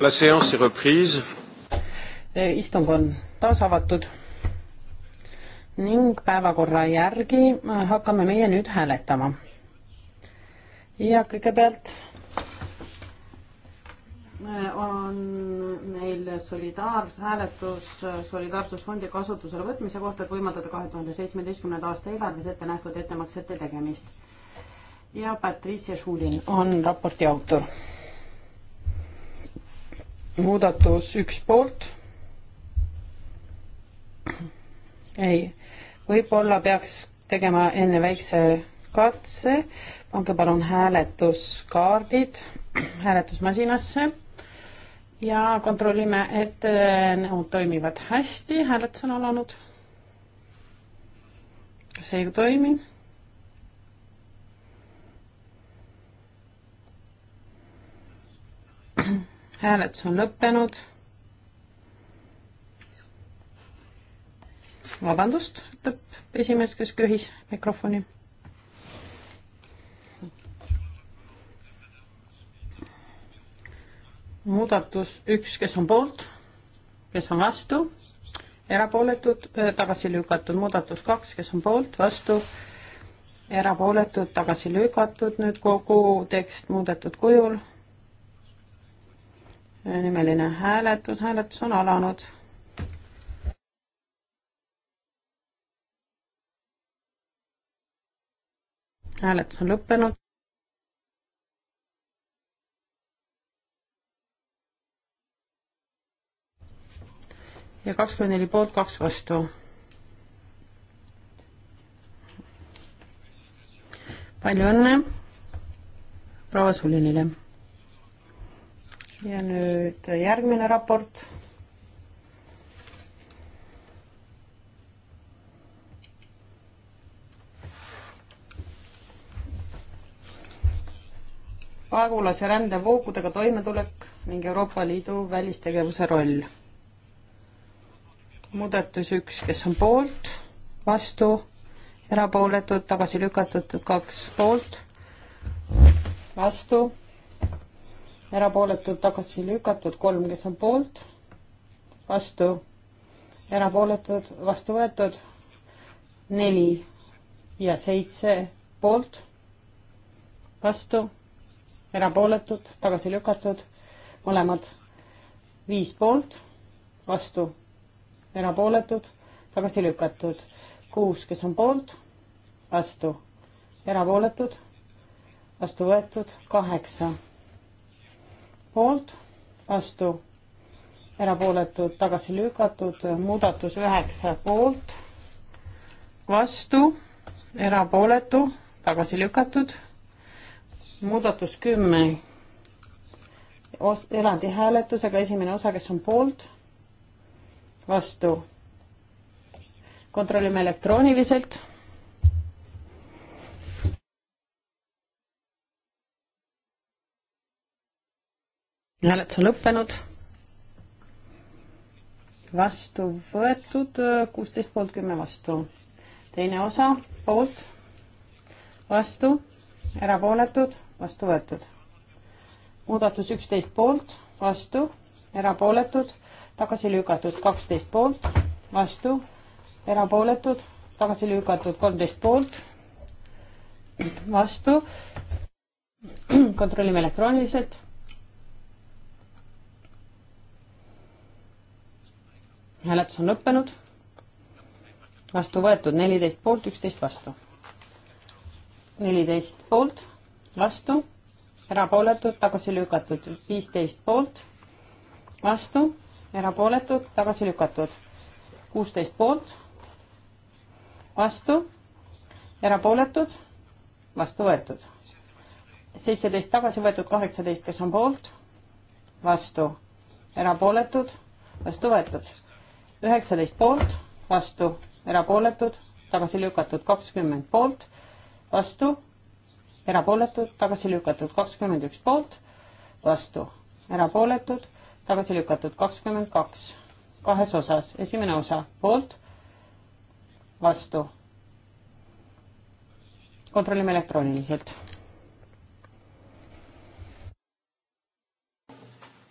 La séance est reprise. Äh, istung on taas avatud ning päevakorra järgi äh, hakkame meie nüüd hääletama. ja kõigepealt äh, on meil solidaarhääletus Solidaarsusfondi kasutusele võtmise kohta, et võimaldada kahe tuhande seitsmeteistkümnenda aasta eelarves ette nähtud ettemaksete tegemist. ja Patricia Šulin on raporti autor muudatus üks poolt. ei, võib-olla peaks tegema enne väikse katse, pange palun hääletuskaardid hääletusmasinasse ja kontrollime, et äh, need toimivad hästi, hääletus on alanud. kas ei toimi? hääletus on lõppenud. vabandust, ütleb esimees, kes köhis mikrofoni. muudatus üks, kes on poolt, kes on vastu, erapooletud, äh, tagasi lükatud, muudatus kaks, kes on poolt, vastu, erapooletud, tagasi lükatud, nüüd kogu tekst muudetud kujul nimeline hääletus, hääletus on alanud. hääletus on lõppenud. ja kakskümmend neli poolt, kaks vastu. palju õnne proua Sulinile ja nüüd järgmine raport. pagulase rändevoogudega toimetulek ning Euroopa Liidu välistegevuse roll. muudatus üks, kes on poolt, vastu, erapooletud, tagasi lükatud, kaks poolt, vastu erapooletud, tagasi lükatud, kolm, kes on poolt, vastu, erapooletud, vastu võetud, neli ja seitse poolt, vastu, erapooletud, tagasi lükatud, mõlemad viis poolt, vastu, erapooletud, tagasi lükatud, kuus, kes on poolt, vastu, erapooletud, vastu võetud, kaheksa poolt, vastu, erapooletud, tagasi lükatud, muudatus üheksa poolt, vastu, erapooletu, tagasi lükatud, muudatus kümme, os-, eraldi hääletusega esimene osa, kes on poolt, vastu, kontrollime elektrooniliselt hääletus on lõppenud. vastu võetud äh, kuusteist poolt kümme vastu. teine osa poolt, vastu, erapooletud, vastu võetud. muudatus üksteist poolt, vastu, erapooletud, tagasi lükatud kaksteist poolt, vastu, erapooletud, tagasi lükatud kolmteist poolt, vastu. kontrollime elektrooniliselt hääletus on lõppenud. vastu võetud neliteist poolt, üksteist vastu. neliteist poolt, vastu, erapooletud, tagasi lükatud, viisteist poolt, vastu, erapooletud, tagasi lükatud, kuusteist poolt, vastu, erapooletud, vastu võetud seitseteist tagasi võetud, kaheksateist, kes on poolt, vastu, erapooletud, vastu võetud üheksateist poolt, vastu, erapooletud, tagasi lükatud kakskümmend poolt, vastu, erapooletud, tagasi lükatud kakskümmend üks poolt, vastu, erapooletud, tagasi lükatud kakskümmend kaks, kahes osas, esimene osa poolt, vastu. kontrollime elektrooniliselt.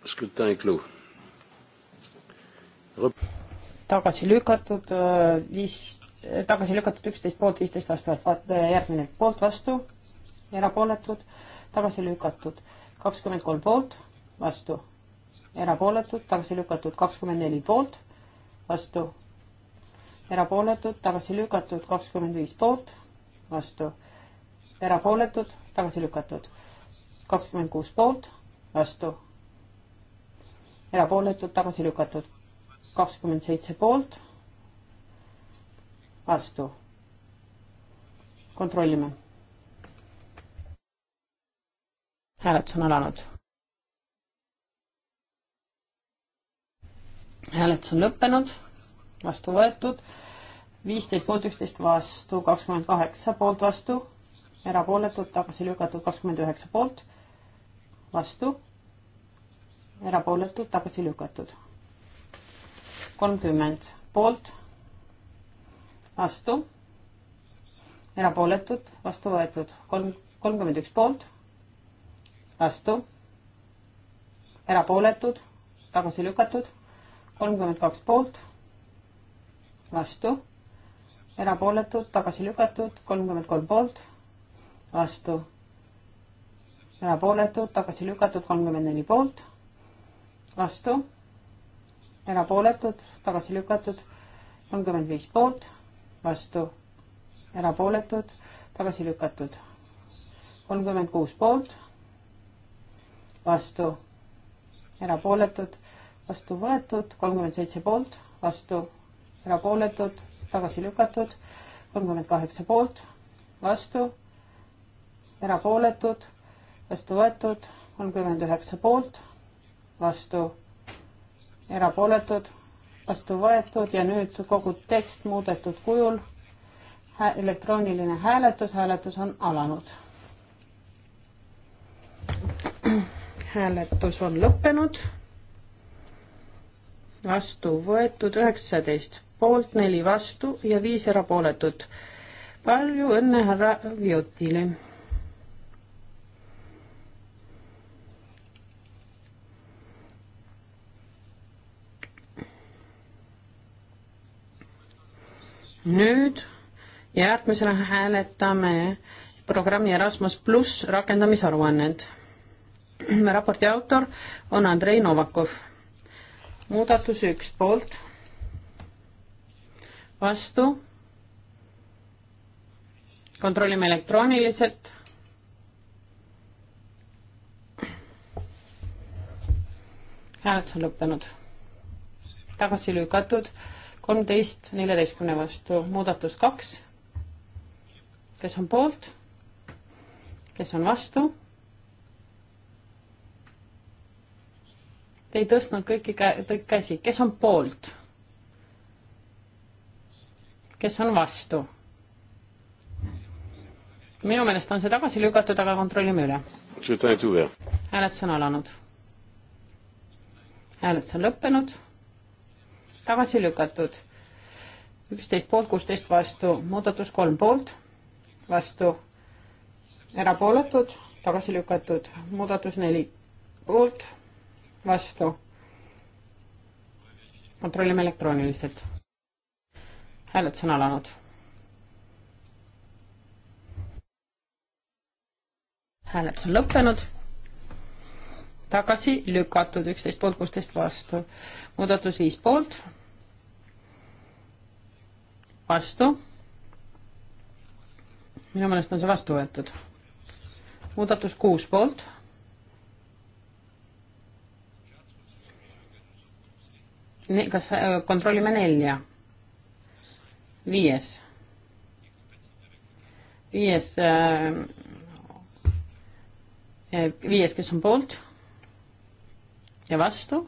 Scrutin clos tagasi lükatud äh, viis, äh, tagasi lükatud üksteist poolt, viisteist vastavalt, äh, järgmine poolt vastu, erapooletud, tagasi lükatud, kakskümmend kolm poolt, vastu, erapooletud, tagasi lükatud, kakskümmend neli poolt, vastu, erapooletud, tagasi lükatud, kakskümmend viis poolt, vastu, erapooletud, tagasi lükatud, kakskümmend kuus poolt, vastu, erapooletud, tagasi lükatud, kakskümmend seitse poolt, vastu. kontrollime. hääletus on alanud. hääletus on lõppenud, vastu võetud, viisteist poolt, üksteist vastu, kakskümmend kaheksa poolt vastu, erapooletud, tagasi lükatud kakskümmend üheksa poolt, vastu, erapooletud, tagasi lükatud kolmkümmend poolt, vastu, erapooletud, vastu võetud kolm, kolmkümmend üks poolt, vastu, erapooletud, tagasi lükatud, kolmkümmend kaks poolt, vastu, erapooletud, tagasi lükatud, kolmkümmend kolm poolt, vastu, erapooletud, tagasi lükatud, kolmkümmend neli poolt, vastu erapooletud, tagasi lükatud, kolmkümmend viis poolt, vastu, erapooletud, tagasi lükatud, kolmkümmend kuus poolt, vastu, erapooletud, vastu võetud, kolmkümmend seitse poolt, vastu, erapooletud, tagasi lükatud, kolmkümmend kaheksa poolt, vastu, erapooletud, vastu võetud, kolmkümmend üheksa poolt, vastu erapooletud, vastu võetud ja nüüd kogu tekst muudetud kujul. elektrooniline hääletus, hääletus on alanud. hääletus on lõppenud. vastu võetud üheksateist, poolt neli vastu ja viis erapooletut. palju õnne härra Viotile nüüd järgmisena hääletame programmi Erasmus pluss rakendamisaruannet. raporti autor on Andrei Novakov. muudatus üks poolt, vastu, kontrollime elektrooniliselt. hääletus on lõppenud, tagasi lükatud kolmteist neljateistkümne vastu, muudatus kaks, kes on poolt, kes on vastu. Te ei tõstnud kõiki kä-, käsi, kes on poolt? kes on vastu? minu meelest on see tagasi lükatud, aga kontrollime üle. hääletus on alanud. hääletus on lõppenud tagasi lükatud. üksteist poolt, kuusteist vastu, muudatus kolm poolt, vastu, erapooletud, tagasi lükatud, muudatus neli poolt, vastu. kontrollime elektrooniliselt. hääletus on alanud. hääletus on lõppenud tagasi lükatud, üksteist poolt, kuusteist vastu. muudatus viis poolt, vastu. minu meelest on see vastu võetud. muudatus kuus poolt. kas äh, kontrollime nelja? viies. viies äh, äh viies, kes on poolt ja vastu?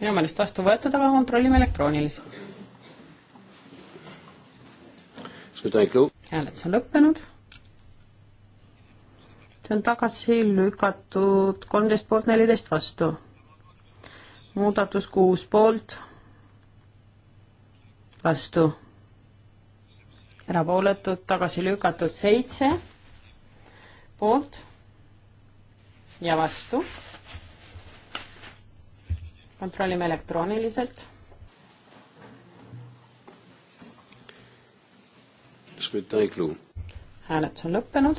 minu meelest vastu võetud, aga kontrollime elektrooniliselt. hääletus on lõppenud. see on tagasi lükatud kolmteist poolt neliteist vastu. muudatus kuus poolt, vastu erapooletud, tagasi lükatud seitse poolt ja vastu kontrollime elektrooniliselt. hääletus on lõppenud,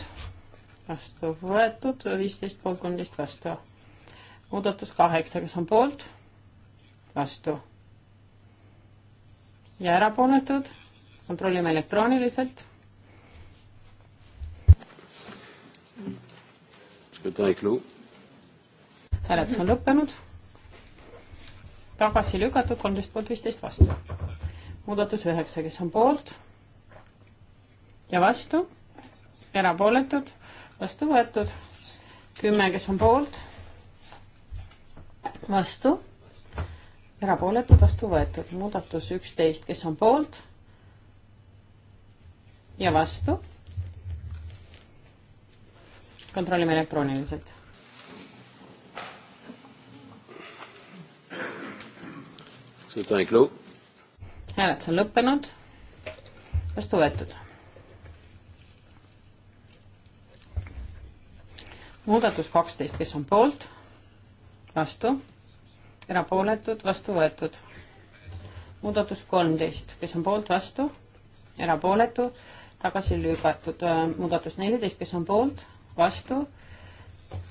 vastu võetud, viisteist poolt, kolmteist vastu. muudatus kaheksa, kes on poolt, vastu ja erapooletud, kontrollime elektrooniliselt. hääletus on lõppenud tagasi lükatud, kolmteist poolt, viisteist vastu. muudatus üheksa, kes on poolt ja vastu, erapooletud, vastu võetud, kümme, kes on poolt, vastu, erapooletud, vastu võetud, muudatus üksteist, kes on poolt ja vastu. kontrollime elektrooniliselt hääletus on lõppenud. vastu võetud. muudatus kaksteist, kes on poolt, vastu, erapooletud, vastu võetud. muudatus kolmteist, kes on poolt, vastu, erapooletu, tagasi lükatud. muudatus neliteist, kes on poolt, vastu,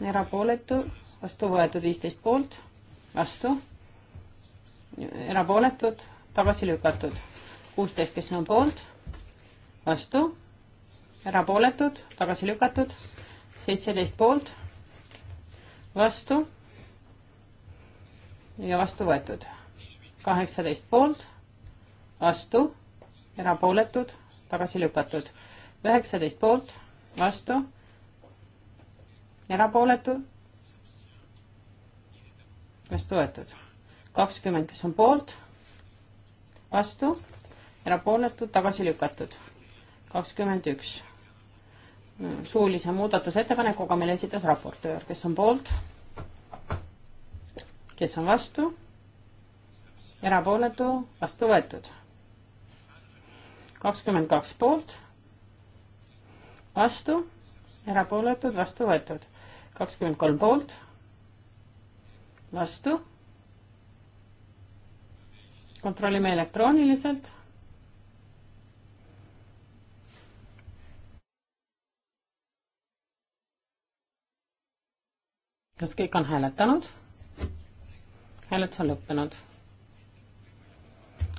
erapooletu, vastu võetud viisteist poolt, vastu erapooletud, tagasi lükatud. kuusteist, kes on poolt, vastu, erapooletud, tagasi lükatud. seitseteist poolt, vastu ja vastu võetud. kaheksateist poolt, vastu, erapooletud, tagasi lükatud. üheksateist poolt, vastu, erapooletud, vastu võetud kakskümmend, kes on poolt, vastu, erapooletud, tagasi lükatud. kakskümmend üks. suulise muudatusettepanekuga meile esitas raportöör, kes on poolt, kes on vastu, erapooletu, vastu võetud. kakskümmend kaks poolt, vastu, erapooletud, vastu võetud. kakskümmend kolm poolt, vastu kontrollime elektrooniliselt. kas kõik on hääletanud? hääletus on lõppenud.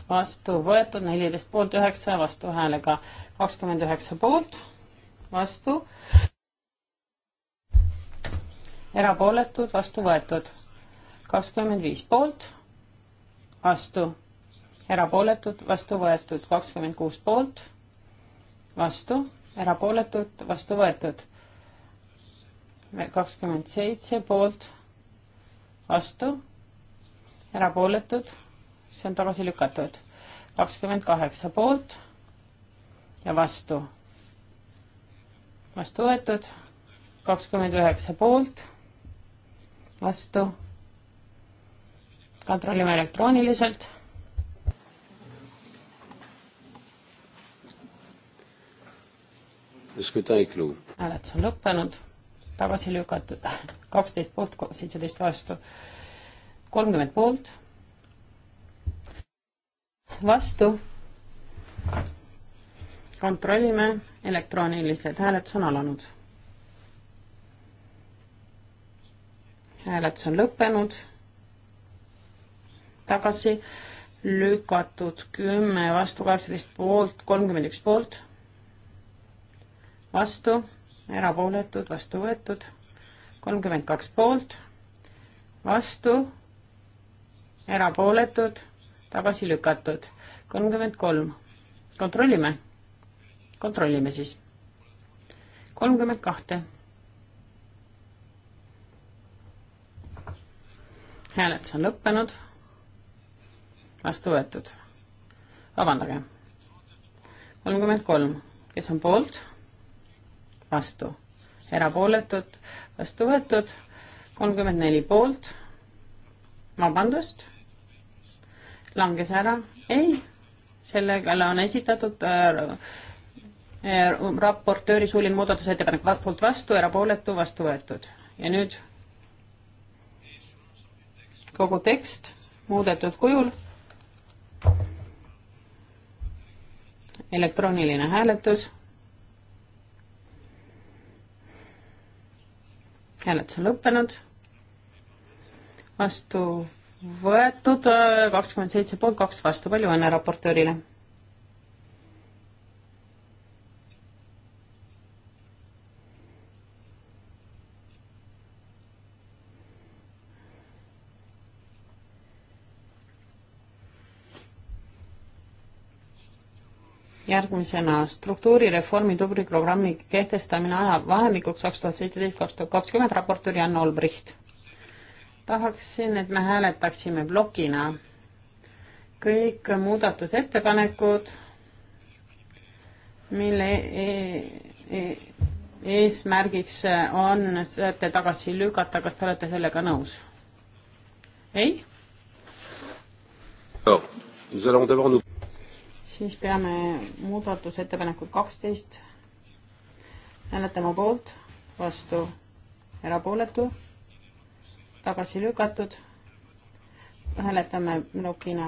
vastu võetud neliteist poolt üheksa vastuhäälega, kakskümmend üheksa poolt, vastu. erapooletud, vastu võetud, kakskümmend viis poolt, vastu erapooletud, vastu võetud, kakskümmend kuus poolt, vastu, erapooletud, vastu võetud, kakskümmend seitse poolt, vastu, erapooletud, see on tagasi lükatud, kakskümmend kaheksa poolt ja vastu, vastu võetud, kakskümmend üheksa poolt, vastu, kontrollime elektrooniliselt hääletus on lõppenud, tagasi lükatud, kaksteist poolt, seitseteist vastu, kolmkümmend poolt, vastu, kontrollime, elektroonilised hääletus on alanud. hääletus on lõppenud, tagasi lükatud kümme vastu, kaheksateist poolt, kolmkümmend üks poolt vastu, erapooletud, vastu võetud, kolmkümmend kaks poolt, vastu, erapooletud, tagasi lükatud, kolmkümmend kolm. kontrollime, kontrollime siis. kolmkümmend kahte. hääletus on lõppenud, vastu võetud. vabandage. kolmkümmend kolm, kes on poolt? vastu, erapooletud, vastu võetud, kolmkümmend neli poolt, vabandust, langes ära, ei, sellega on esitatud äh, äh raportööri suuline muudatusettepanek poolt vastu, erapooletu, vastu võetud. ja nüüd kogu tekst muudetud kujul. elektrooniline hääletus hääletus on lõppenud. vastu võetud äh, kakskümmend seitse poolt, kaks vastu, palju õnne raportöörile järgmisena struktuurireformi tubli programmi kehtestamine ajavahemikuks kaks tuhat seitseteist, kaks tuhat kakskümmend, raportöör Jan Olbricht. tahaksin, et me hääletaksime plokina kõik muudatusettepanekud, mille e e eesmärgiks on säte tagasi lükata, kas te olete sellega nõus? ei? siis peame muudatusettepanekut kaksteist hääletama poolt, vastu, erapooletu, tagasi lükatud. hääletame plokina,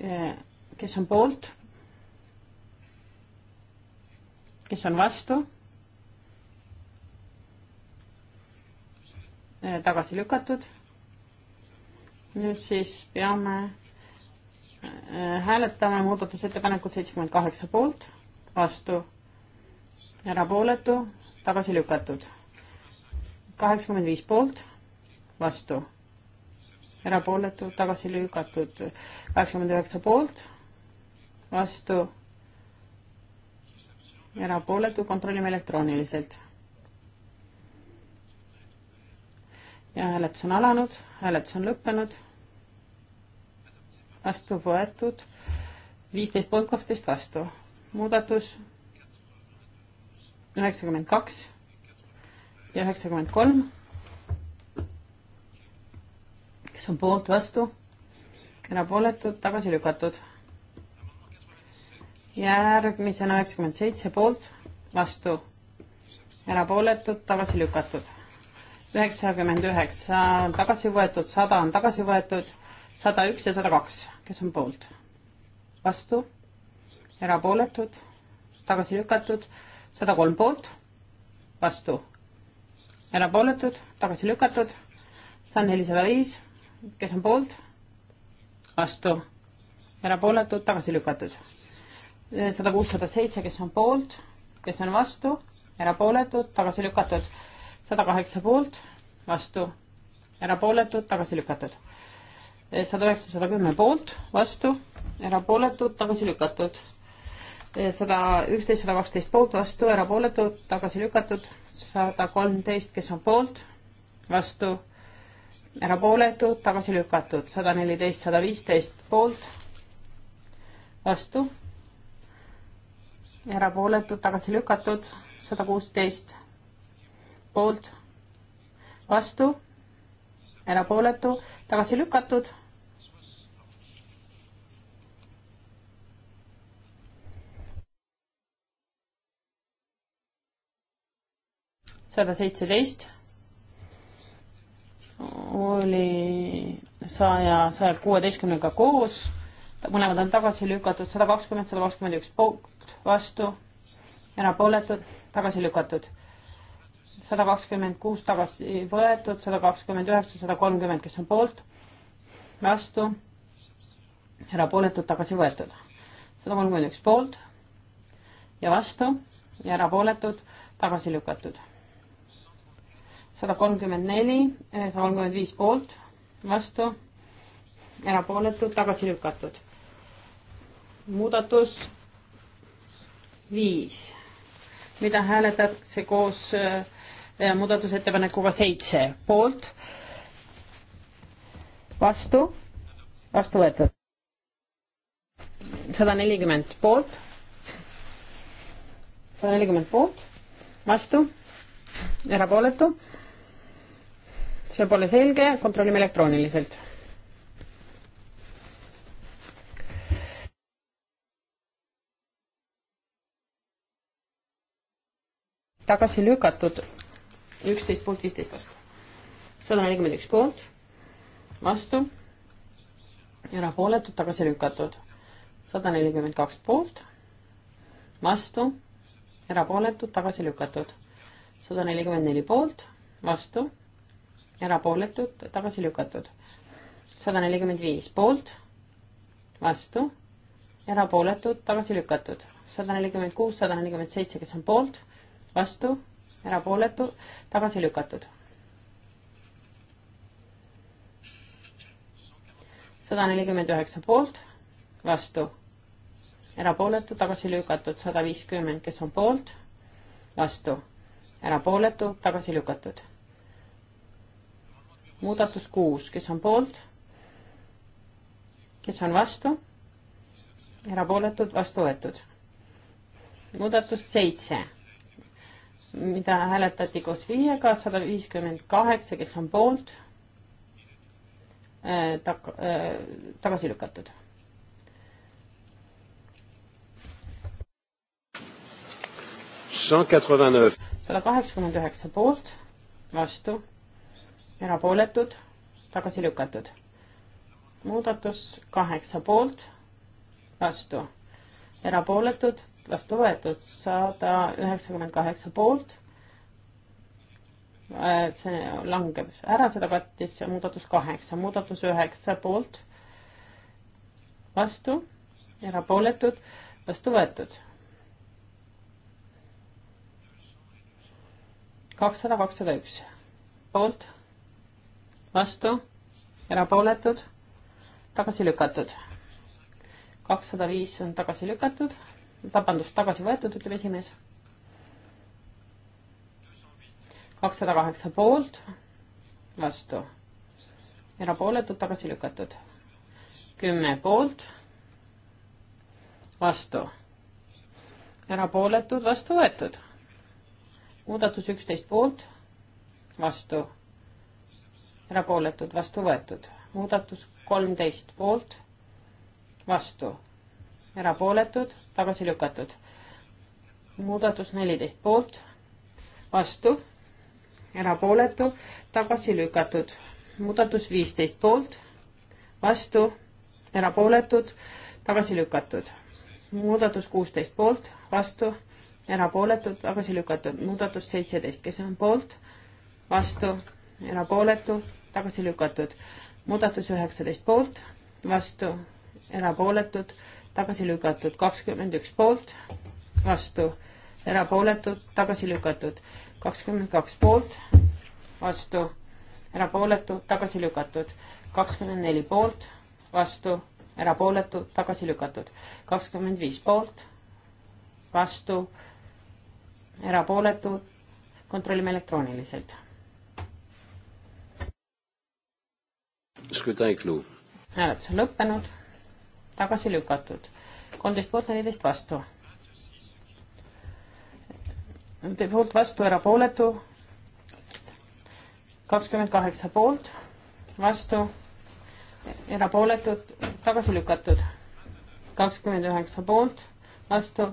eh, kes on poolt, kes on vastu, eh, tagasi lükatud. nüüd siis peame Äh, hääletame muudatusettepanekut seitsekümmend kaheksa poolt, vastu, erapooletu, tagasi lükatud. kaheksakümmend viis poolt, vastu, erapooletu, tagasi lükatud. kaheksakümmend üheksa poolt, vastu, erapooletu, kontrollime elektrooniliselt. ja hääletus on alanud, hääletus on lõppenud vastu võetud, viisteist poolt, kaksteist vastu. muudatus üheksakümmend kaks ja üheksakümmend kolm. kes on poolt, vastu, erapooletud, tagasi lükatud. järgmisena üheksakümmend seitse poolt, vastu, erapooletud, tagasi lükatud üheksakümmend üheksa on tagasi võetud, sada on tagasi võetud, sada üks ja sada kaks kes on poolt? vastu, erapooletud, tagasi lükatud, sada kolm poolt, vastu, erapooletud, tagasi lükatud, sada nelisada viis, kes on poolt, vastu, erapooletud, tagasi lükatud. sada kuus, sada seitse, kes on poolt, kes on vastu, erapooletud, tagasi lükatud, sada kaheksa poolt, vastu, erapooletud, tagasi lükatud sada üheksa, sada kümme poolt, vastu, erapooletud, tagasi lükatud. sada üksteist, sada kaksteist poolt, vastu, erapooletud, tagasi lükatud. sada kolmteist, kes on poolt, vastu, erapooletud, tagasi lükatud. sada neliteist, sada viisteist poolt, vastu, erapooletud, tagasi lükatud. sada kuusteist poolt, vastu, erapooletu, tagasi lükatud sada seitseteist oli saja, saja kuueteistkümnega koos, mõlemad on tagasi lükatud, sada kakskümmend, sada kakskümmend üks poolt, vastu, erapooletud, tagasi lükatud. sada kakskümmend kuus tagasi võetud, sada kakskümmend üheksa, sada kolmkümmend, kes on poolt, vastu, erapooletud, tagasi võetud. sada kolmkümmend üks poolt ja vastu ja erapooletud, tagasi lükatud sada kolmkümmend neli, eh, sada kolmkümmend viis poolt, vastu, erapooletud, tagasi lükatud. muudatus viis, mida hääletatakse koos eh, muudatusettepanekuga seitse, poolt, vastu, vastu võetud. sada nelikümmend poolt, sada nelikümmend poolt, vastu erapooletu, see pole selge, kontrollime elektrooniliselt. tagasi lükatud üksteist poolt viisteist vastu. sada nelikümmend üks poolt, vastu, erapooletud, tagasi lükatud. sada nelikümmend kaks poolt, vastu, erapooletud, tagasi lükatud. sada nelikümmend neli poolt, vastu erapooletud, tagasi lükatud. sada nelikümmend viis poolt, vastu, erapooletud, tagasi lükatud. sada nelikümmend kuus, sada nelikümmend seitse, kes on poolt, vastu, erapooletu, tagasi lükatud. sada nelikümmend üheksa poolt, vastu, erapooletu, tagasi lükatud, sada viiskümmend, kes on poolt, vastu, erapooletu, tagasi lükatud muudatus kuus, kes on poolt, kes on vastu, erapooletud, vastu võetud. muudatus seitse, mida hääletati koos viiega, sada viiskümmend kaheksa, kes on poolt äh,, tak- äh,, tagasi lükatud sada kaheksakümmend üheksa poolt, vastu, erapooletud, tagasi lükatud. muudatus kaheksa poolt, vastu, erapooletud, vastu võetud, sada üheksakümmend kaheksa poolt. Äh, see langeb ära, seda kattis muudatus kaheksa, muudatus üheksa poolt, vastu, erapooletud, vastu võetud. kakssada kakssada üks poolt vastu, erapooletud, tagasi lükatud. kakssada viis on tagasi lükatud, vabandust, tagasi võetud, ütleb esimees. kakssada kaheksa poolt, vastu, erapooletud, tagasi lükatud. kümme poolt, vastu, erapooletud, vastu võetud. muudatus üksteist poolt, vastu erapooletud, vastu võetud. muudatus kolmteist poolt, vastu, erapooletud, tagasi lükatud. muudatus neliteist poolt, vastu, erapooletu, tagasi lükatud. muudatus viisteist poolt, vastu, erapooletud, tagasi lükatud. muudatus kuusteist poolt, vastu, erapooletud, tagasi lükatud. muudatus seitseteist, kes on poolt, vastu erapooletu, tagasi lükatud. muudatus üheksateist poolt, vastu, erapooletud, tagasi lükatud. kakskümmend üks poolt, vastu, erapooletud, tagasi lükatud. kakskümmend kaks poolt, vastu, erapooletu, tagasi lükatud. kakskümmend neli poolt, vastu, erapooletu, tagasi lükatud. kakskümmend viis poolt, vastu, erapooletu, kontrollime elektrooniliselt hääletus on lõppenud, tagasi lükatud, kolmteist poolt, neliteist vastu. poolt vastu, erapooletu, kakskümmend kaheksa poolt, vastu, erapooletud, tagasi lükatud, kakskümmend üheksa poolt, vastu,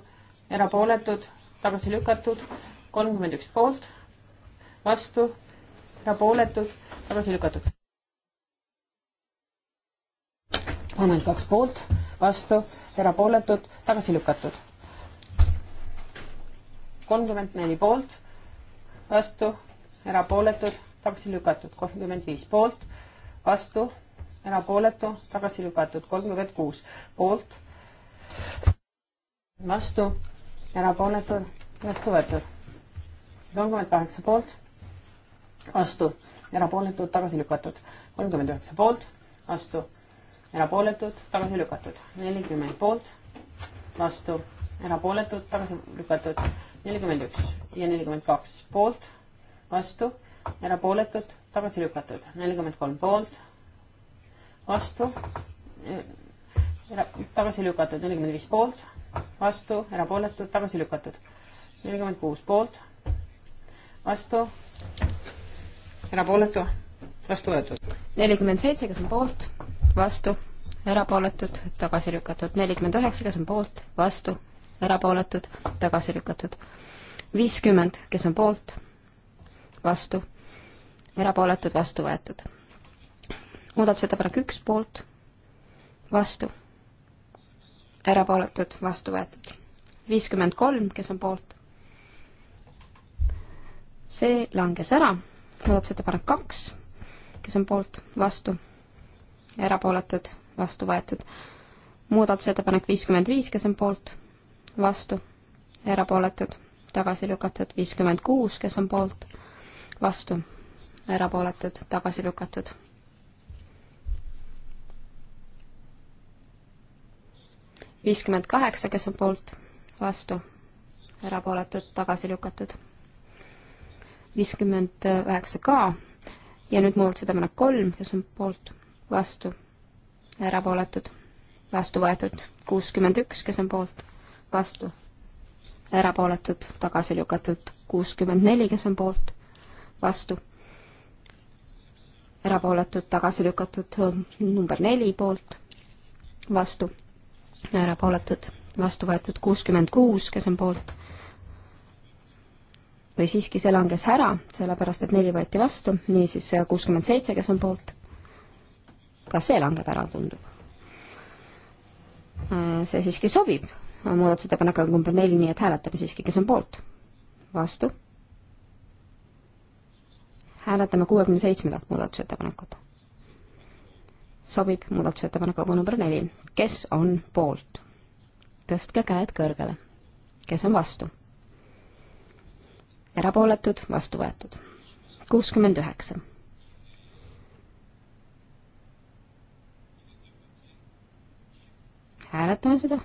erapooletud, tagasi lükatud, kolmkümmend üks poolt, vastu, erapooletud, tagasi lükatud kolmkümmend kaks poolt, vastu, erapooletud, tagasi lükatud. kolmkümmend neli poolt, vastu, erapooletud, tagasi lükatud, kolmkümmend viis poolt, vastu, erapooletu, tagasi lükatud, kolmkümmend kuus poolt, vastu, erapooletu, vastu võetud, kolmkümmend kaheksa poolt, vastu, erapooletud, tagasi lükatud, kolmkümmend üheksa poolt, vastu erapooletud, tagasi lükatud, nelikümmend poolt, vastu, erapooletud, tagasi lükatud, nelikümmend üks ja nelikümmend kaks poolt, vastu, erapooletud, tagasi lükatud, nelikümmend kolm poolt, vastu, tagasi lükatud, nelikümmend viis poolt, vastu, erapooletud, tagasi lükatud, nelikümmend kuus poolt, vastu, erapooletu, vastu võetud. nelikümmend seitse, kes on poolt? vastu, erapooletud, tagasi lükatud. nelikümmend üheksa, kes on poolt, vastu, erapooletud, tagasi lükatud. viiskümmend, kes on poolt, vastu, erapooletud, vastu võetud. muudatusettepanek üks, poolt, vastu, erapooletud, vastu võetud. viiskümmend kolm, kes on poolt. see langes ära, muudatusettepanek kaks, kes on poolt, vastu erapooletud, vastu võetud. muudatusettepanek viiskümmend viis, kes on poolt, vastu, erapooletud, tagasi lükatud. viiskümmend kuus, kes on poolt, vastu, erapooletud, tagasi lükatud. viiskümmend kaheksa, kes on poolt, vastu, erapooletud, tagasi lükatud. viiskümmend üheksa ka ja nüüd muudatusettepanek kolm, kes on poolt vastu, erapooletud, vastu võetud kuuskümmend üks, kes on poolt, vastu, erapooletud, tagasi lükatud kuuskümmend neli, kes on poolt, vastu, erapooletud, tagasi lükatud number neli poolt, vastu, erapooletud, vastu võetud kuuskümmend kuus, kes on poolt, või siiski see langes ära, sellepärast et neli võeti vastu, niisiis kuuskümmend seitse, kes on poolt ka see langeb ära, tundub. Äh, see siiski sobib muudatusettepanekuga number neli, nii et hääletame siiski, kes on poolt. vastu. hääletame kuuekümne seitsmendat muudatusettepanekut. sobib muudatusettepanekuga number neli. kes on poolt? tõstke käed kõrgele. kes on vastu? erapooletud, vastu võetud. kuuskümmend üheksa hääletame seda?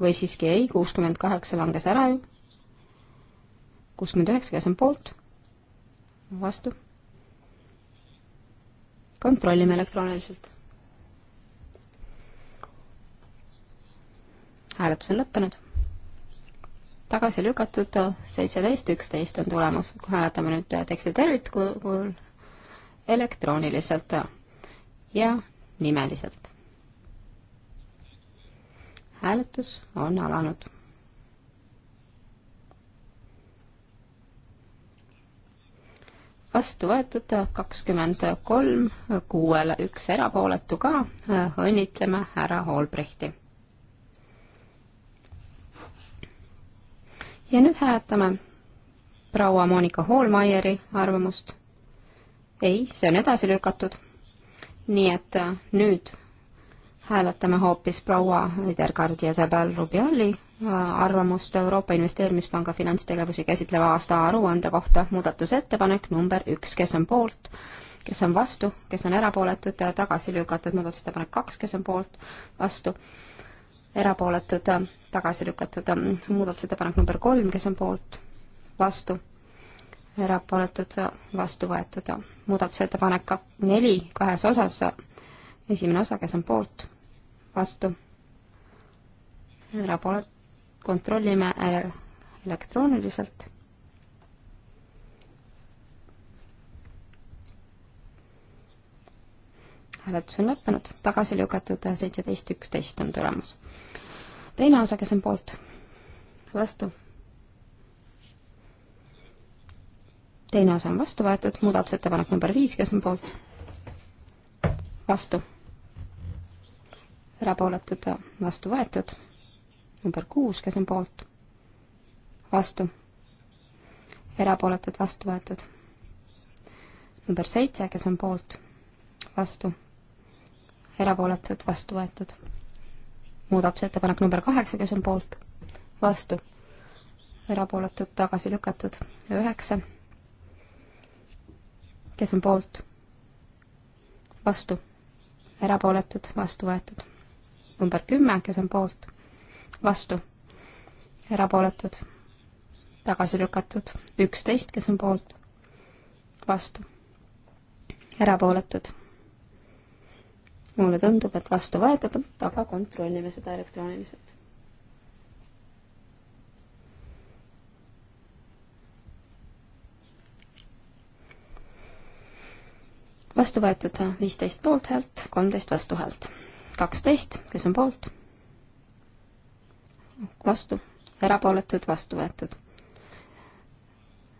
või siiski ei, kuuskümmend kaheksa langes ära ju. kuuskümmend üheksa, kes on poolt? vastu? kontrollime elektrooniliselt. hääletus on lõppenud. tagasi lükatud seitseteist, üksteist on tulemus, kui hääletame nüüd teksti tervikul elektrooniliselt ja nimeliselt hääletus on alanud. vastu võetud kakskümmend kolm, kuuele üks erapooletu ka, õnnitleme härra Olbrechti. ja nüüd hääletame proua Monika Hoolmeieri arvamust. ei, see on edasi lükatud. nii et nüüd hääletame hoopis proua Lidergardi ja Isabel Rubiali äh, arvamust Euroopa Investeerimispanga finantstegevusi käsitleva aasta aruande kohta, muudatusettepanek number üks, kes on poolt, kes on vastu, kes on erapooletud, äh, tagasi lükatud, muudatusettepanek kaks, kes on poolt, vastu, erapooletud, äh, tagasi lükatud, ähm, muudatusettepanek number kolm, kes on poolt, vastu erapooletud vastu võetud. muudatusettepanek neli kahes osas, esimene osa, kes on poolt, vastu, erapoolet-, kontrollime ele-, elektrooniliselt. hääletus on lõppenud, tagasi lükatud seitseteist, üksteist on tulemus. teine osa, kes on poolt, vastu teine osa on vastu võetud, muudatusettepanek number viis, kes on poolt? vastu erapooletud, vastu võetud. number kuus, kes on poolt, vastu, erapooletud, vastu võetud. number seitse, kes on poolt, vastu, erapooletud, vastu võetud. muudatusettepanek number kaheksa, kes on poolt, vastu, erapooletud, tagasi lükatud. üheksa, kes on poolt, vastu, erapooletud, vastu võetud number kümme, kes on poolt, vastu, erapooletud, tagasi lükatud, üksteist, kes on poolt, vastu, erapooletud. mulle tundub, et vastu võetud, aga kontrollime seda elektrooniliselt. vastu võetud viisteist poolthäält, kolmteist vastuhäält kaksteist, kes on poolt? vastu, erapooletud, vastu võetud.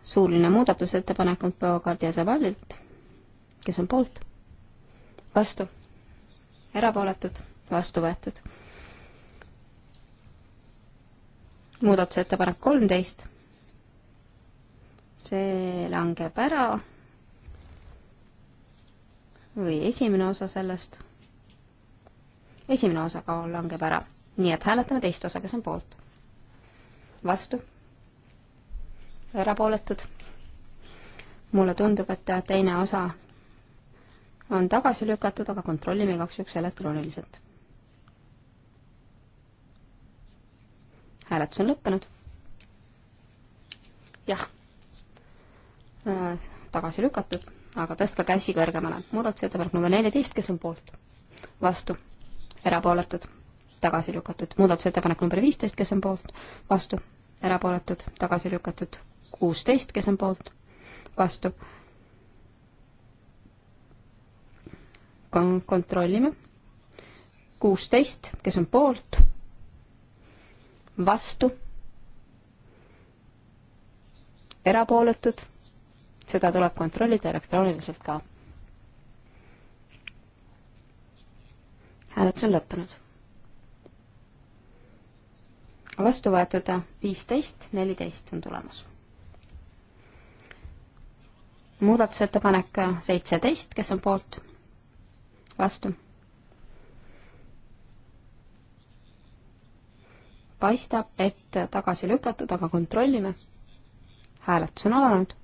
suuline muudatusettepanek on proua Kardia Zavalilt, kes on poolt? vastu, erapooletud, vastu võetud. muudatusettepanek kolmteist, see langeb ära või esimene osa sellest esimene osa ka langeb ära. nii et hääletame teist osa, kes on poolt. vastu. erapooletud. mulle tundub, et teine osa on tagasi lükatud, aga kontrollime igaks juhuks elektrooniliselt. hääletus on lõppenud. jah äh,. tagasi lükatud, aga tõstke käsi kõrgemale. muudatusettepanek number neliteist, kes on poolt? vastu erapooletud, tagasi lükatud. muudatusettepanek number viisteist, kes on poolt, vastu, erapooletud, tagasi lükatud. kuusteist, kes on poolt, vastu. kontrollime. kuusteist, kes on poolt, vastu, erapooletud, seda tuleb kontrollida elektrooniliselt ka hääletus on lõppenud. vastu võetud viisteist, neliteist on tulemus. muudatusettepanek seitseteist, kes on poolt? vastu paistab, et tagasi lükatud, aga kontrollime. hääletus on alanud.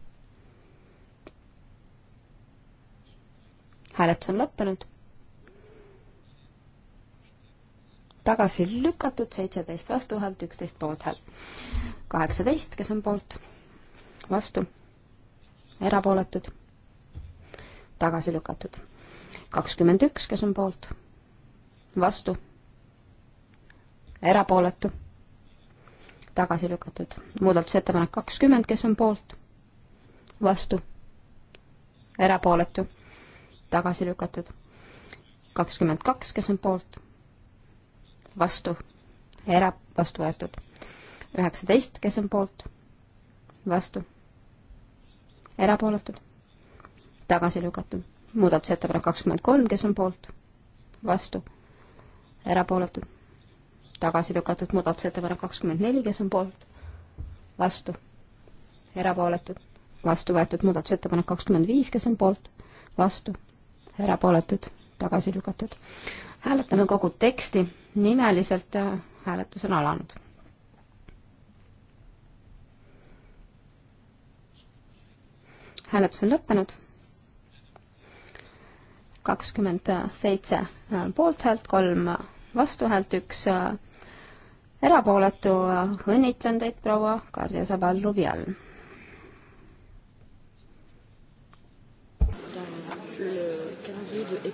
hääletus on lõppenud. tagasi lükatud, seitseteist vastuhäält, üksteist poolthäält. kaheksateist, kes on poolt, vastu, erapooletud, tagasi lükatud. kakskümmend üks, kes on poolt, vastu, erapooletu, tagasi lükatud. muudatusettepanek kakskümmend, kes on poolt, vastu, erapooletu, tagasi lükatud. kakskümmend kaks, kes on poolt vastu, era-, vastu võetud. üheksateist, kes on poolt, vastu, erapooletud, tagasi lükatud. muudatusettepanek kakskümmend kolm, kes on poolt, vastu, erapooletud, tagasi lükatud. muudatusettepanek kakskümmend neli, kes on poolt, vastu, erapooletud, vastu võetud. muudatusettepanek kakskümmend viis, kes on poolt, vastu, erapooletud, tagasi lükatud hääletame kogu teksti nimeliselt, äh, hääletus on alanud. hääletus on lõppenud. kakskümmend seitse äh, poolthäält, kolm vastuhäält, üks äh, erapooletu. õnnitlen teid, proua Kardia Sabal-Lubjal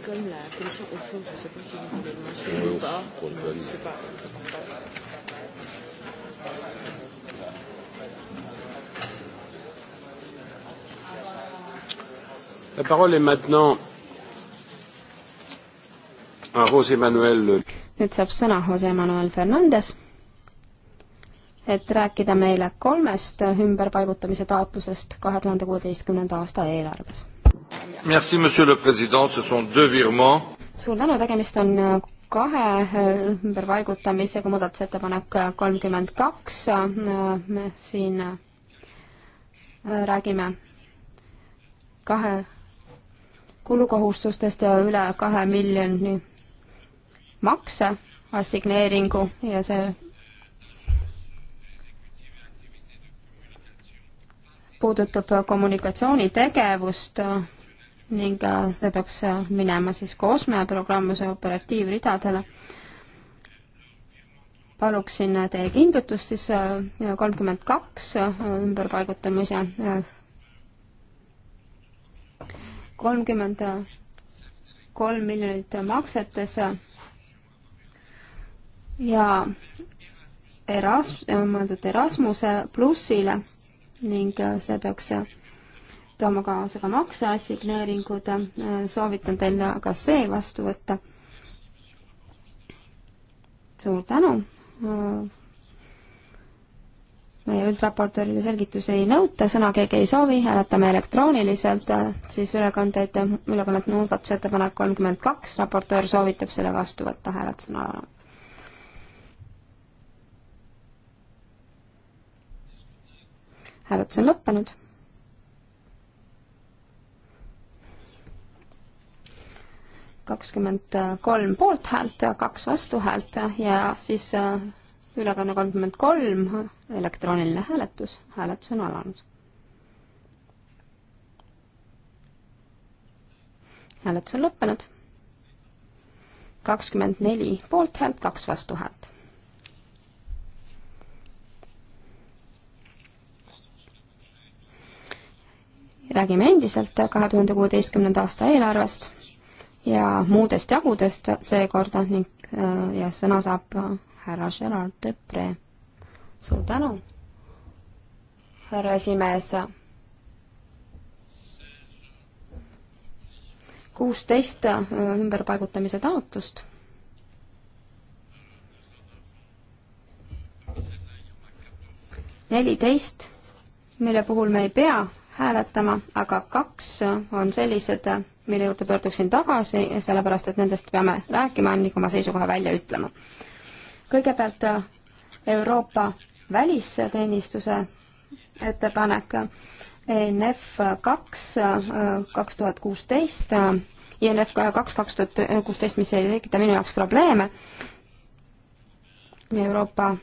comme la commission au fond, je ne sais pas si vous voulez le mentionner ou pas. Je ne sais pas. La parole est maintenant à José Manuel. nüüd saab sõna José Manuel Fernandez, et rääkida meile kolmest ümberpaigutamise taotlusest kahe tuhande kuueteistkümnenda aasta eelarves Merci, monsieur le president, ce sont deux virements. suur tänu, tegemist on äh, kahe äh, ümberpaigutamisega, muudatusettepanek kolmkümmend kaks, äh, me siin räägime kahe kulukohustustest ja üle kahe miljoni makse assigneeringu ja see puudutab kommunikatsioonitegevust ning äh, see peaks äh, minema siis COSME programmis operatiivridadele. paluksin äh, teie kindlutust siis kolmkümmend kaks ümberpaigutamise kolmkümmend kolm miljonit maksetes ja Erasmus, mõeldud Erasmuse plussile ning see peaks tooma kaasa ka makseassigneeringud, soovitan teil ka see vastu võtta. suur tänu. meie üldraportöörile selgitusi ei nõuta, sõna keegi ei soovi, hääletame elektrooniliselt, siis ülekandeid, ülekannet muudatusettepanek kolmkümmend kaks, raportöör soovitab selle vastu võtta, hääletus on alanud. hääletus on lõppenud kakskümmend kolm poolthäält, kaks vastuhäält ja siis äh, ülekanne kolmkümmend kolm, elektrooniline hääletus, hääletus on alanud. hääletus on lõppenud. kakskümmend neli poolthäält, kaks vastuhäält. räägime endiselt kahe tuhande kuueteistkümnenda aasta eelarvest ja muudest jagudest seekorda ning äh, ja sõna saab äh, härra Gerard Depre. suur tänu, härra esimees. kuusteist äh, ümberpaigutamise taotlust neliteist, mille puhul me ei pea hääletama, aga kaks on sellised, mille juurde pöörduksin tagasi, sellepärast et nendest peame rääkima ning oma seisukoha välja ütlema. kõigepealt äh, Euroopa välisteenistuse ettepanek ENF kaks äh, kaks tuhat kuusteist, INF äh, e kaks kaks tuhat kuusteist, mis ei tekita minu jaoks probleeme, Euroopa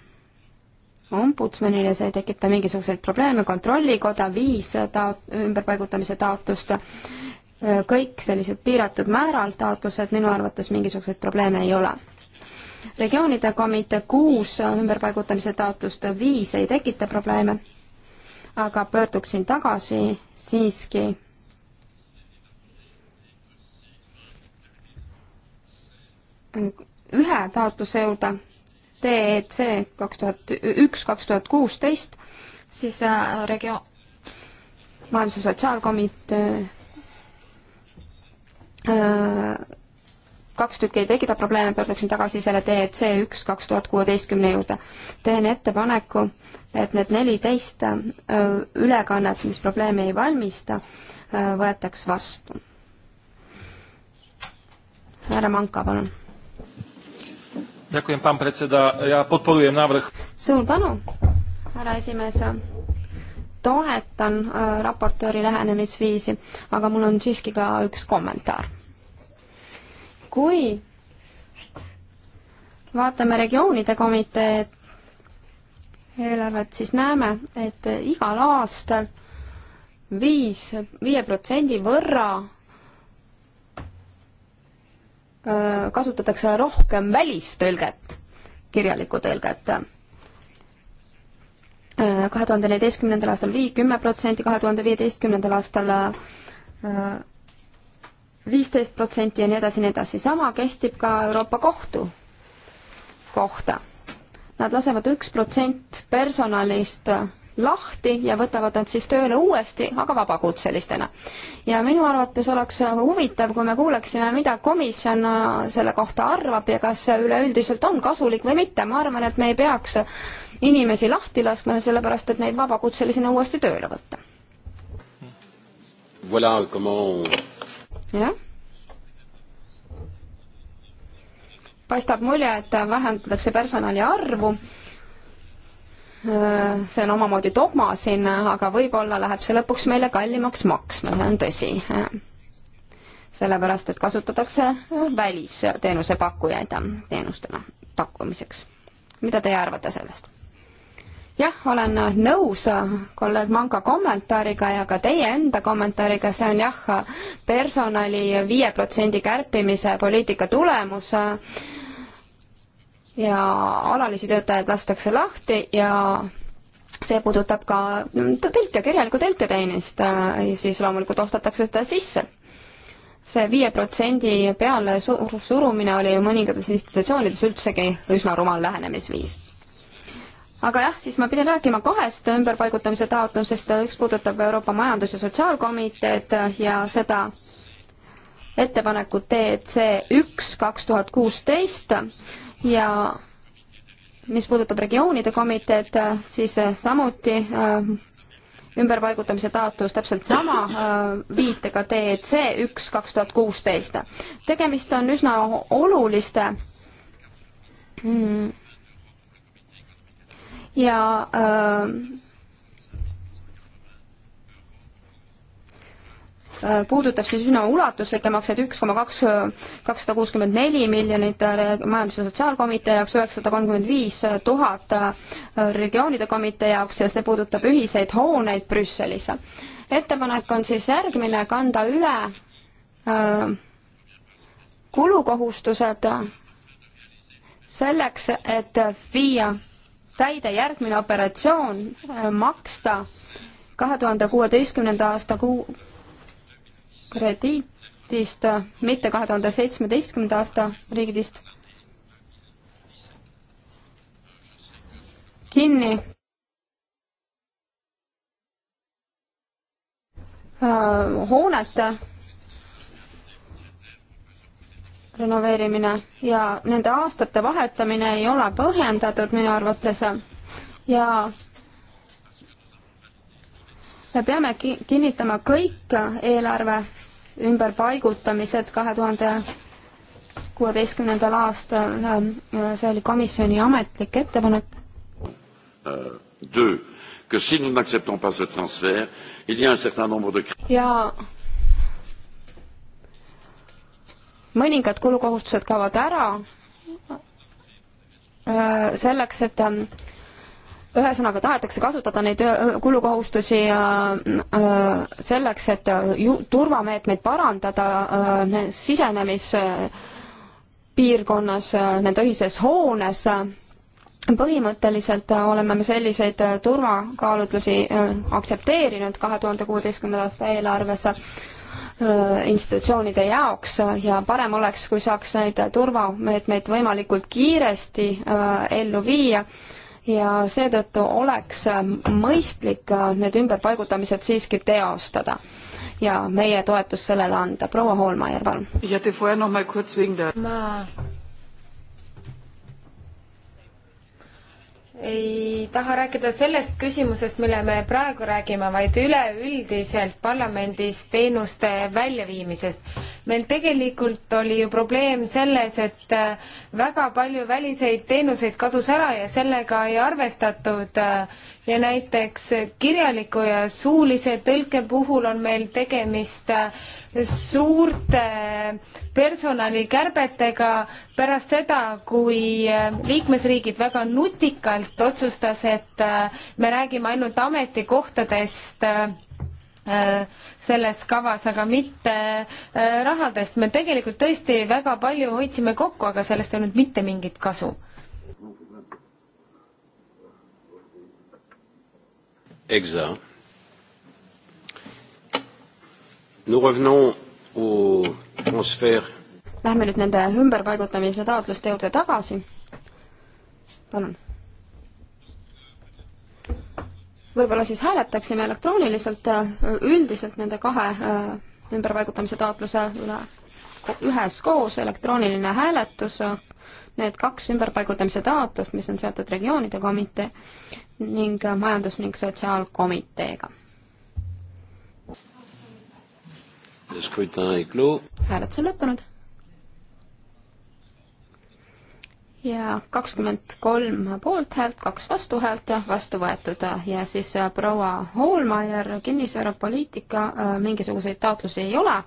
ombudsmanile see ei tekita mingisuguseid probleeme, kontrollikoda viis taot-, ümberpaigutamise taotlust Äh, kõik sellised piiratud määral taotlused, minu arvates mingisuguseid probleeme ei ole. regioonide komitee kuus ümberpaigutamise taotlust, viis ei tekita probleeme, aga pöörduksin tagasi siiski ühe taotluse juurde, DEC kaks tuhat üks, kaks tuhat kuusteist, siis äh, regioon, majandus- ja sotsiaalkomitee Äh, kaks tükki ei tekita probleeme, pöörduksin tagasi selle DEC üks kaks tuhat kuueteistkümne juurde. teen ettepaneku, et need neliteist äh, ülekannet, mis probleemi ei valmista, äh, võetaks vastu. härra Manka, palun. suur tänu, härra esimees toetan äh, raportööri lähenemisviisi, aga mul on siiski ka üks kommentaar. kui vaatame regioonide komitee eelarvet, siis näeme, et igal aastal viis, viie protsendi võrra äh, kasutatakse rohkem välistõlget, kirjalikku tõlget kahe tuhande neljateistkümnendal aastal vii-, kümme protsenti, kahe tuhande viieteistkümnendal aastal äh, viisteist protsenti ja nii edasi, nii edasi. sama kehtib ka Euroopa Kohtu kohta. Nad lasevad üks protsent personalist lahti ja võtavad nad siis tööle uuesti, aga vabakutselistena. ja minu arvates oleks huvitav, kui me kuuleksime, mida komisjon selle kohta arvab ja kas see üleüldiselt on kasulik või mitte. ma arvan, et me ei peaks inimesi lahti laskma, sellepärast et neid vabakutselisena uuesti tööle võtta. jah. paistab mulje, et vähendatakse personali arvu äh, see on omamoodi dogma siin, aga võib-olla läheb see lõpuks meile kallimaks maksma, see on tõsi. sellepärast, et kasutatakse äh, välisteenuse pakkujaid äh, teenustena pakkumiseks. mida teie arvate sellest? jah, olen äh, nõus äh, kolleeg Manga kommentaariga ja ka teie enda kommentaariga, see on jah, personali viie protsendi kärpimise poliitika tulemus äh, ja alalisi töötajaid lastakse lahti ja see puudutab ka mm, tõlke, kirjalikku tõlketeenist, siis loomulikult ostetakse seda sisse see viie protsendi peale sur surumine oli mõningates institutsioonides üldsegi üsna rumal lähenemisviis aga jah, siis ma pidin rääkima kahest ümberpaigutamise taotlusest, üks puudutab Euroopa Majandus- ja Sotsiaalkomiteed ja seda ettepanekut DC e üks kaks tuhat kuusteist ja mis puudutab regioonide komiteed, siis samuti äh, ümberpaigutamise taotlus täpselt sama äh, viitega DEC üks kaks tuhat kuusteist. tegemist on üsna oluliste mm, ja äh, äh, puudutab siis üsna ulatuslikke makseid, üks koma kaks, kakssada kuuskümmend neli miljonit äh, Majandus- ja Sotsiaalkomitee jaoks, üheksasada kolmkümmend viis tuhat regioonide komitee jaoks ja see puudutab ühiseid hooneid Brüsselis. ettepanek on siis järgmine, kanda üle kulukohustused selleks, et viia täide järgmine operatsioon äh, maksta kahe tuhande kuueteistkümnenda aasta kuu krediitist, mitte kahe tuhande seitsmeteistkümnenda aasta riigidist kinni. Äh, hoonete renoveerimine ja nende aastate vahetamine ei ole põhjendatud minu arvates ja me peame ki kinnitama kõik eelarve ümberpaigutamised kahe tuhande kuueteistkümnendal aastal, see oli komisjoni ametlik ettepanek. ja mõningad kulukohustused kaovad ära äh, selleks, et ähm, ühesõnaga tahetakse kasutada neid äh, kulukohustusi äh, selleks, et ju-, turvameetmeid parandada sisenemispiirkonnas, nende ühises hoones, põhimõtteliselt oleme me selliseid turvakaalutlusi aktsepteerinud kahe tuhande kuueteistkümnenda aasta eelarves Äh, institutsioonide jaoks ja parem oleks, kui saaks neid turvameetmeid võimalikult kiiresti äh, ellu viia ja seetõttu oleks mõistlik äh, need ümberpaigutamised siiski teostada ja meie toetus sellele anda. proua Hoolmaier, palun. ma ei taha rääkida sellest küsimusest, mille me praegu räägime, vaid üleüldiselt parlamendis teenuste väljaviimisest. meil tegelikult oli ju probleem selles, et äh, väga palju väliseid teenuseid kadus ära ja sellega ei arvestatud äh, ja näiteks kirjaliku ja suulise tõlke puhul on meil tegemist suurte personalikärbetega pärast seda, kui liikmesriigid väga nutikalt otsustas, et me räägime ainult ametikohtadest äh, selles kavas, aga mitte äh, rahadest. me tegelikult tõesti väga palju hoidsime kokku, aga sellest ei olnud mitte mingit kasu. EXA. Nous revenons au transfert. Lähme nüüd nende ümberpaigutamise taotluste juurde tagasi. palun. võib-olla siis hääletaksime elektrooniliselt äh, üldiselt nende kahe äh, ümberpaigutamise taotluse üle üheskoos elektrooniline hääletus Need kaks ümberpaigutamise taotlust, mis on seotud regioonide komitee ning äh, majandus- ning sotsiaalkomiteega. hääletus on lõppenud. ja kakskümmend kolm poolthäält, kaks vastuhäält vastu võetud ja siis äh, proua Hoolmaier, kinnisvarapoliitika, äh, mingisuguseid taotlusi ei ole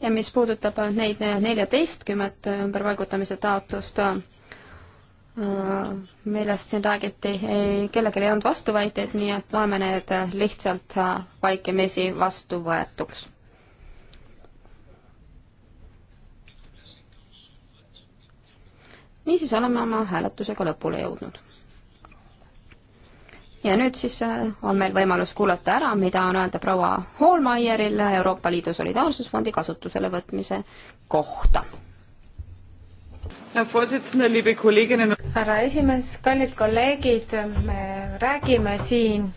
ja mis puudutab neid neljateistkümmet ümberpaigutamise taotlust, äh, millest siin räägiti, kellelgi ei olnud vastuväiteid, nii et loeme need lihtsalt vaikimisi vastu võetuks. niisiis oleme oma hääletusega lõpule jõudnud ja nüüd siis äh, on meil võimalus kuulata ära, mida on öelda proua Hoolmeieril Euroopa Liidu Solidaarsusfondi kasutusele võtmise kohta. härra esimees, kallid kolleegid, me räägime siin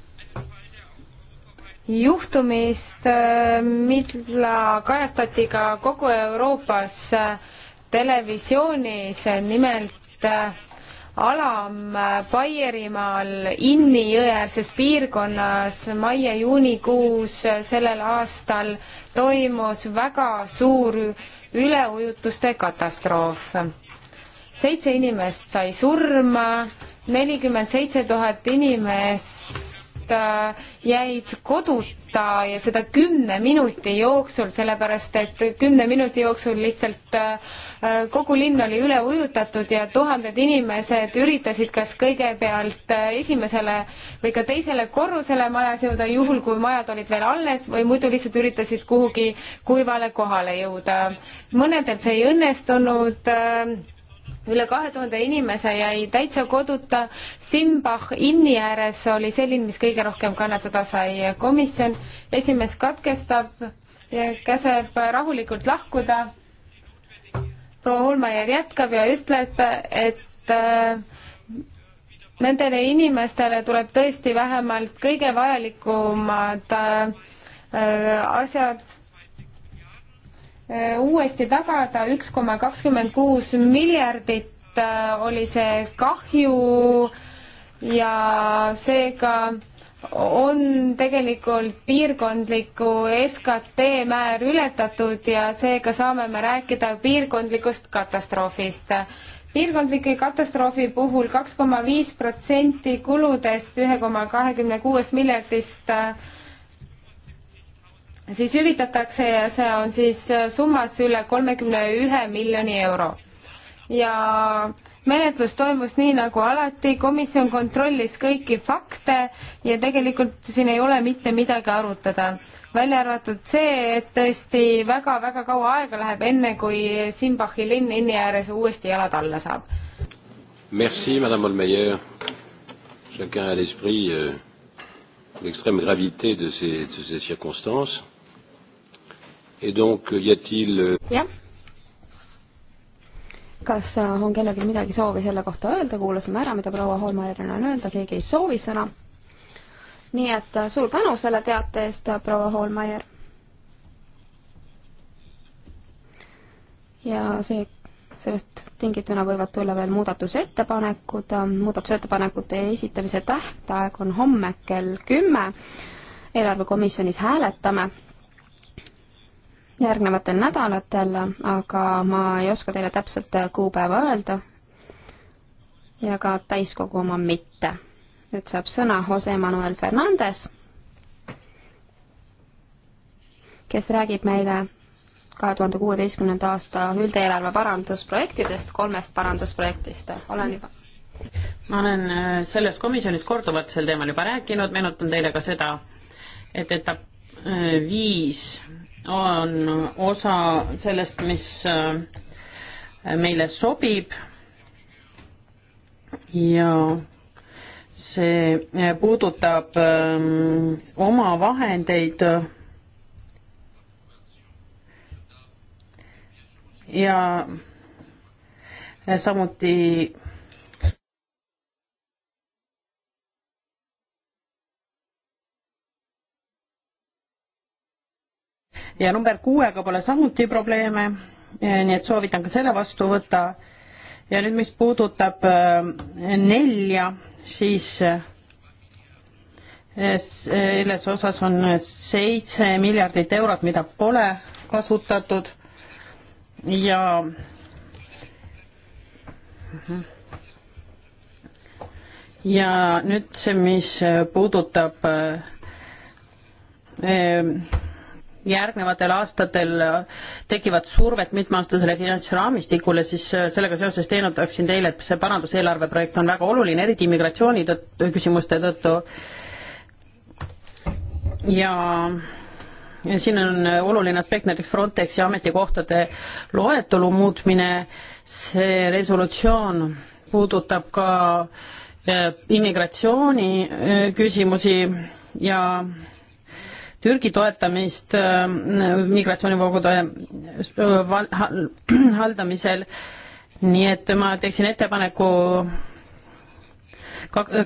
juhtumist, äh, mille kajastati ka kogu Euroopas äh, televisioonis, nimelt alam Baierimaal Inni jõeäärses piirkonnas maie-juunikuus sellel aastal toimus väga suur üleujutuste katastroof. seitse inimest sai surma, nelikümmend seitse tuhat inimest äh, jäid koduta võtta ja seda kümne minuti jooksul, sellepärast et kümne minuti jooksul lihtsalt äh, kogu linn oli üle ujutatud ja tuhanded inimesed üritasid kas kõigepealt äh, esimesele või ka teisele korrusele majas jõuda, juhul kui majad olid veel alles või muidu lihtsalt üritasid kuhugi kuivale kohale jõuda. mõnedel see ei õnnestunud äh, üle kahe tuhande inimese jäi täitsa koduta. Simbach inni ääres oli selline, mis kõige rohkem kannatada sai. komisjon esimees katkestab, käseb rahulikult lahkuda. proua Holmajärv jätkab ja ütleb, et äh, nendele inimestele tuleb tõesti vähemalt kõige vajalikumad äh, äh asjad Äh, uuesti tagada, üks koma kakskümmend kuus miljardit äh, oli see kahju ja seega on tegelikult piirkondliku SKT määr ületatud ja seega saame me rääkida piirkondlikust katastroofist. piirkondlike katastroofi puhul kaks koma viis protsenti kuludest ühe koma kahekümne kuuest miljardist äh, siis hüvitatakse ja see on siis äh, summas üle kolmekümne ühe miljoni euro. ja menetlus toimus nii nagu alati, komisjon kontrollis kõiki fakte ja tegelikult siin ei ole mitte midagi arutada. välja arvatud see, et tõesti väga-väga kaua aega läheb, enne kui Simbachi linn linni ääres uuesti jalad alla saab. Merci, madame Olmeier. Chacun a l'esprit euh, l'extrême gravité de ces, de ces circonstances Euh, jah. kas äh, on kellelgi midagi soovi selle kohta öelda, kuulasime ära, mida proua Holmajärvel on öelda, keegi ei soovi sõna. nii et äh, suur tänu selle teate eest, äh, proua Holmajärv. ja see sellest tingituna võivad tulla veel muudatusettepanekud, muudatusettepanekute esitamise tähtaeg on homme kell kümme, eelarvekomisjonis hääletame järgnevatel nädalatel, aga ma ei oska teile täpselt äh, kuupäeva öelda ja ka täiskogu oma mitte. nüüd saab sõna Jose Manuel Fernandez, kes räägib meile kahe tuhande kuueteistkümnenda aasta üldeelarve parandusprojektidest, kolmest parandusprojektist, olen juba ma olen äh, selles komisjonis korduvalt sel teemal juba rääkinud, meenutan teile ka seda, et etapp äh, viis on osa sellest, mis äh, meile sobib ja see äh, puudutab ähm, oma vahendeid ja samuti ja number kuuega pole samuti probleeme, nii et soovitan ka selle vastu võtta. ja nüüd, mis puudutab äh, nelja, siis äh, selles osas on seitse miljardit eurot, mida pole kasutatud ja ja nüüd see, mis puudutab äh, järgnevatel aastatel tekivad survet mitmeaastasele finantsraamistikule, siis äh, sellega seoses teenutaksin teile, et see paranduseelarve projekt on väga oluline, eriti immigratsiooni tõttu, küsimuste tõttu. ja siin on oluline aspekt näiteks Frontexi ametikohtade loetelu muutmine, see resolutsioon puudutab ka äh, immigratsiooni äh, küsimusi ja Türgi toetamist äh, migratsioonivoogude äh, haldamisel, nii et ma teeksin ettepaneku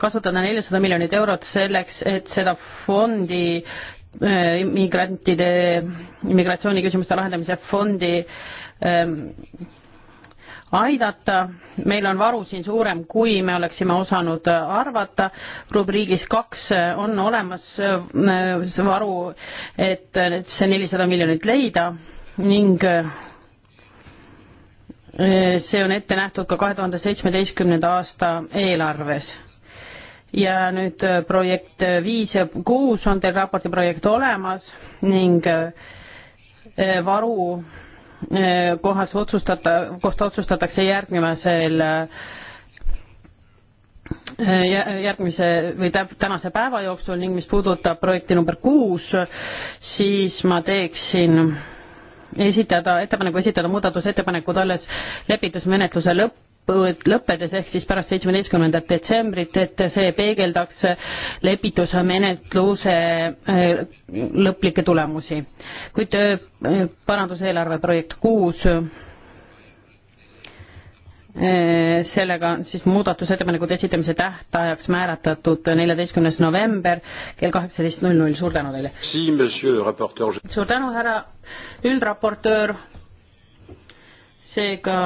kasutada neljasada miljonit eurot selleks, et seda fondi äh, migrantide, immigratsiooniküsimuste lahendamise fondi ähm, aidata. meil on varu siin suurem, kui me oleksime osanud arvata. rubriigis kaks on olemas see äh, varu, et see nelisada miljonit leida ning äh, see on ette nähtud ka kahe tuhande seitsmeteistkümnenda aasta eelarves. ja nüüd äh, projekt viis ja kuus on teil raporti projekt olemas ning varu Äh, kohas otsustata, kohta otsustatakse järgmisel äh, järgmise või täp-, tänase päeva jooksul ning mis puudutab projekti number kuus, siis ma teeksin esitada, ettepaneku esitada muudatusettepanekud alles lepitusmenetluse lõpp, lõppedes ehk siis pärast seitsmeteistkümnendat detsembrit, et see peegeldaks lepitusmenetluse äh, lõplikke tulemusi. kuid äh, paranduseelarve projekt kuus äh, sellega on siis muudatusettepanekute esitamise tähtajaks määratatud neljateistkümnes november kell kaheksateist null null, suur tänu teile si,! suur tänu, härra üldraportöör, seega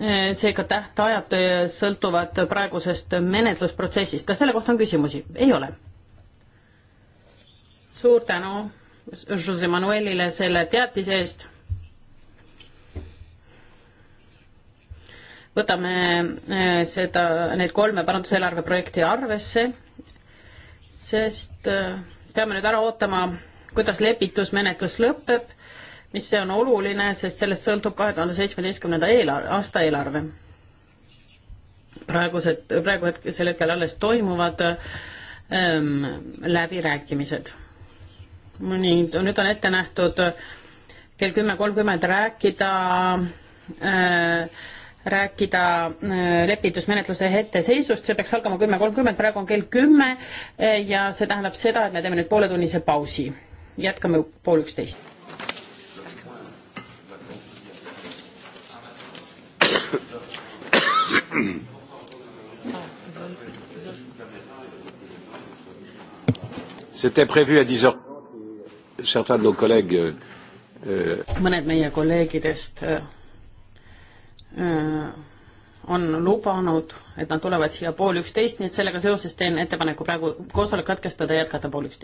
Eh, seega tähtajad eh, sõltuvad praegusest menetlusprotsessist. kas selle kohta on küsimusi? ei ole. suur tänu Jose Manuelile selle teatise eest. võtame eh, seda, neid kolme paranduseelarve projekti arvesse, sest peame nüüd ära ootama, kuidas lepitusmenetlus lõpeb mis on oluline, sest sellest sõltub kahe tuhande seitsmeteistkümnenda eelarve, aasta eelarve. praegused, praegu hetkel, hetkel alles toimuvad ähm, läbirääkimised. nii, nüüd on ette nähtud kell kümme kolmkümmend rääkida äh, rääkida äh, lepitusmenetluse hetteseisust, see peaks algama kümme kolmkümmend, praegu on kell kümme äh, ja see tähendab seda, et me teeme nüüd pooletunnise pausi. jätkame pool üksteist. C'était prévu à 10 heures. Certains de nos collègues. Euh, euh mõned meie kolleegidest äh, äh, on lubanud, et nad tulevad siia pool üksteist, nii et sellega seoses teen ettepaneku praegu koosolek katkestada ja jätkata pool üksteist.